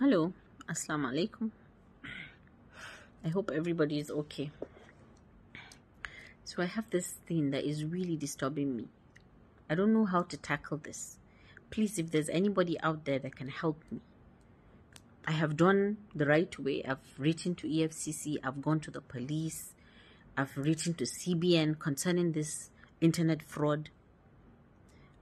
hello assalamu alaikum i hope everybody is okay so i have this thing that is really disturbing me i don't know how to tackle this please if there's anybody out there that can help me i have done the right way i've written to efcc i've gone to the police i've written to cbn concerning this internet fraud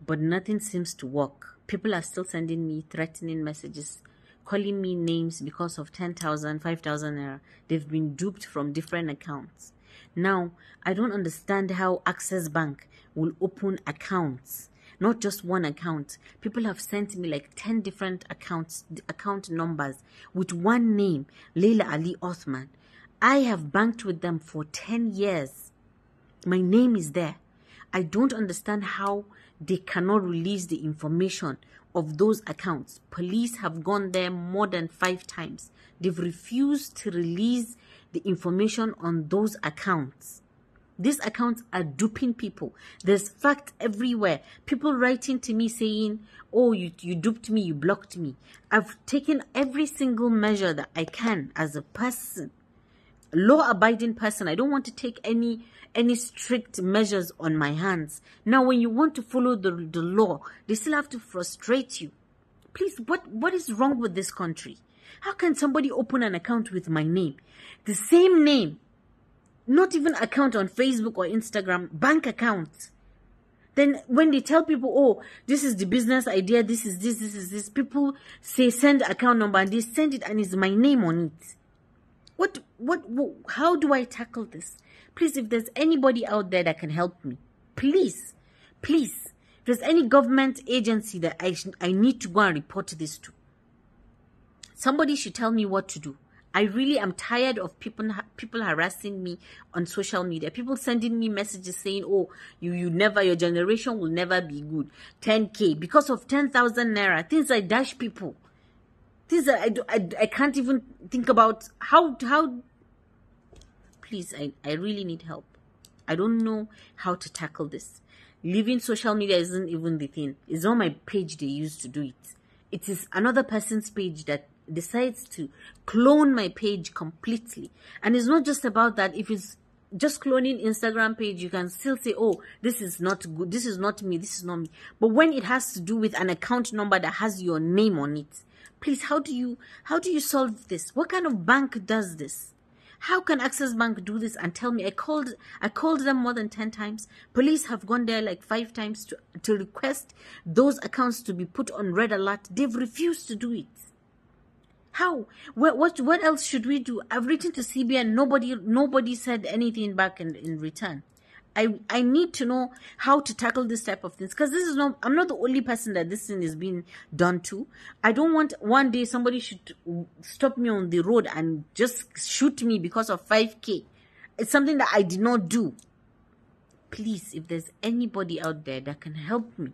but nothing seems to work people are still sending me threatening messages calling me names because of 10,000, 5,000 They've been duped from different accounts. Now, I don't understand how Access Bank will open accounts, not just one account. People have sent me like 10 different accounts, account numbers with one name, Leila Ali Othman. I have banked with them for 10 years. My name is there. I don't understand how they cannot release the information of those accounts. Police have gone there more than five times. They've refused to release the information on those accounts. These accounts are duping people. There's fact everywhere. People writing to me saying, oh, you, you duped me, you blocked me. I've taken every single measure that I can as a person law abiding person. I don't want to take any any strict measures on my hands. Now when you want to follow the, the law, they still have to frustrate you. Please, what what is wrong with this country? How can somebody open an account with my name? The same name. Not even account on Facebook or Instagram, bank account. Then when they tell people, oh, this is the business idea, this is this, this is this, people say send account number and they send it and it's my name on it. What, what, what, how do I tackle this? Please, if there's anybody out there that can help me, please, please, if there's any government agency that I, I need to go and report this to, somebody should tell me what to do. I really am tired of people people harassing me on social media. People sending me messages saying, "Oh, you you never your generation will never be good. 10k because of 10,000 naira." Things like dash people. These are, I, I, I can't even think about how, how, please, I, I really need help. I don't know how to tackle this. Leaving social media isn't even the thing. It's on my page they used to do it. It is another person's page that decides to clone my page completely. And it's not just about that. If it's just cloning Instagram page, you can still say, oh, this is not good. This is not me. This is not me. But when it has to do with an account number that has your name on it, Please, how do you how do you solve this? What kind of bank does this? How can Access Bank do this and tell me? I called I called them more than ten times. Police have gone there like five times to to request those accounts to be put on red alert. They've refused to do it. How? What, what, what else should we do? I've written to CBN. Nobody, nobody said anything back in, in return. I I need to know how to tackle this type of things because this is not I'm not the only person that this thing is being done to. I don't want one day somebody should stop me on the road and just shoot me because of 5k. It's something that I did not do. Please, if there's anybody out there that can help me,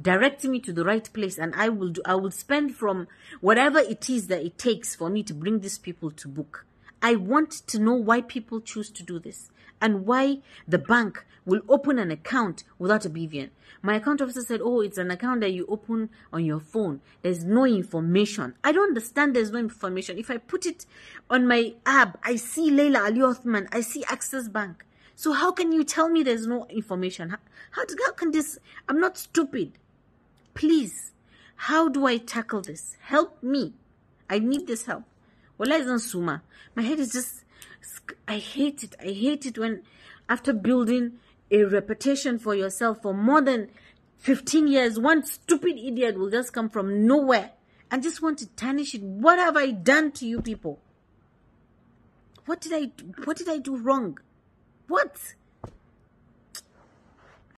direct me to the right place and I will do I will spend from whatever it is that it takes for me to bring these people to book. I want to know why people choose to do this and why the bank will open an account without a BVN. My account officer said, Oh, it's an account that you open on your phone. There's no information. I don't understand there's no information. If I put it on my app, I see Leila Ali Othman, I see Access Bank. So how can you tell me there's no information? How, how, how can this? I'm not stupid. Please, how do I tackle this? Help me. I need this help. I do not Suma. My head is just, I hate it. I hate it when, after building a reputation for yourself for more than 15 years, one stupid idiot will just come from nowhere and just want to tarnish it. What have I done to you people? What did I, what did I do wrong? What?